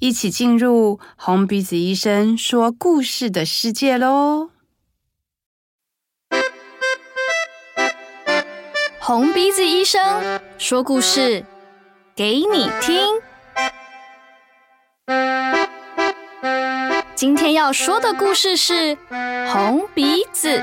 一起進入紅鼻子醫生說故事的世界嘍！紅鼻子醫生說故事給你聽。今天要說的故事是《紅鼻子》。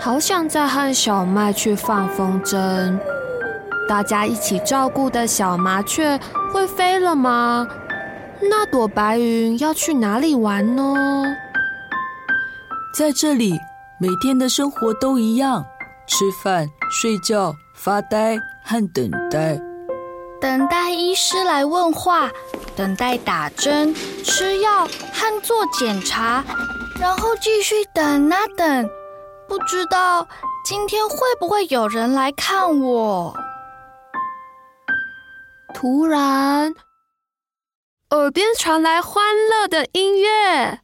好想再和小麥去放風箏。大家一起照顧的小麻雀會飛了嗎？那朵白雲要去哪裡玩呢？在這裡，每天的生活都一樣：吃飯、睡覺、發呆和等待。等待醫師來問話，等待打針、吃藥和做檢查，然後繼續等啊等。不知道今天會不會有人來看我？突然，耳邊傳來歡樂的音樂，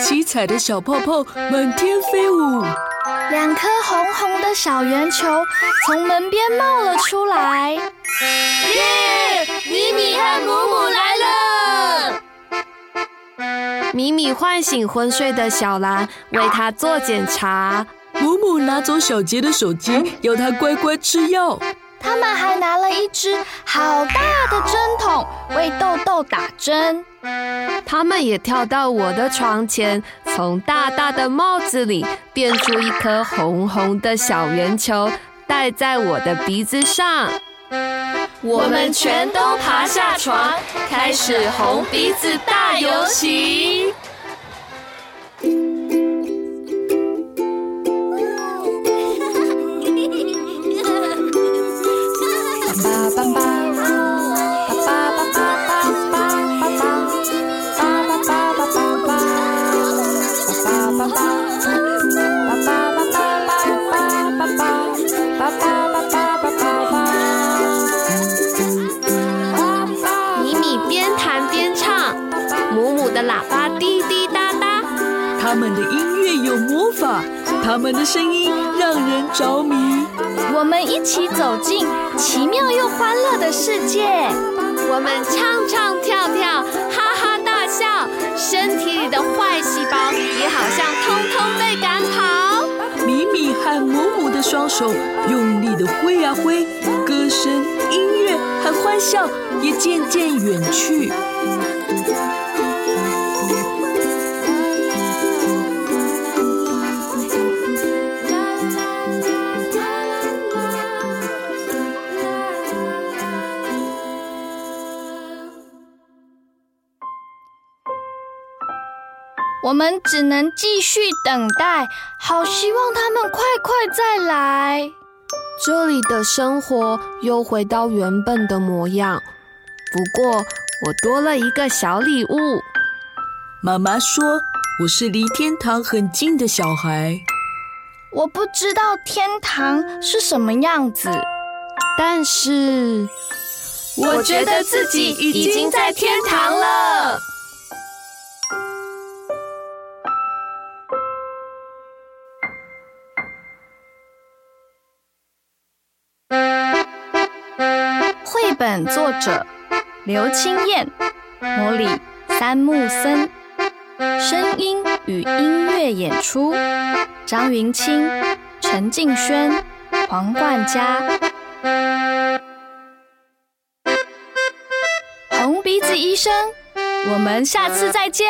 七彩的小泡泡滿天飛舞，兩顆紅紅的小圓球從門邊冒了出來，耶！米米和姆姆來了。米米喚醒昏睡的小蘭，為他做檢查。姆姆拿走小杰的手機，要他乖乖吃藥。他們還拿了一隻好大的針筒，為豆豆打針。他們也跳到我的床前，從大大的帽子裡變出一顆紅紅的小圓球，戴在我的鼻子上。我們全都爬下床，開始紅鼻子大遊行。他們的音樂有魔法，他們的聲音讓人着迷。我們一起走進奇妙又歡樂的世界。我們唱唱跳跳，哈哈大笑，身體裡的壞細胞也好像通通被趕跑。米米和母母的雙手用力地揮呀揮，歌聲、音樂和歡笑也漸漸遠去。我們只能繼續等待，好希望他們快快再來。這裡的生活又回到原本的模樣，不過我多了一個小禮物。媽媽說我是離天堂很近的小孩。我不知道天堂是什麼樣子，但是我覺得自己已經在天堂了。作者：劉清彥、Mori 三木森，聲音與音樂演出：張雲清、陳靜軒、黃冠佳。紅鼻子醫生，我們下次再見。